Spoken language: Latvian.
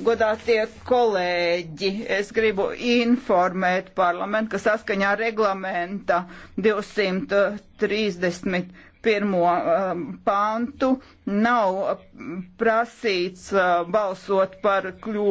Godātie kolēģi, es gribu informēt parlamentu, ka saskaņā reglamenta 231. Um, pantu nav prasīts uh, balsot par kļūdu.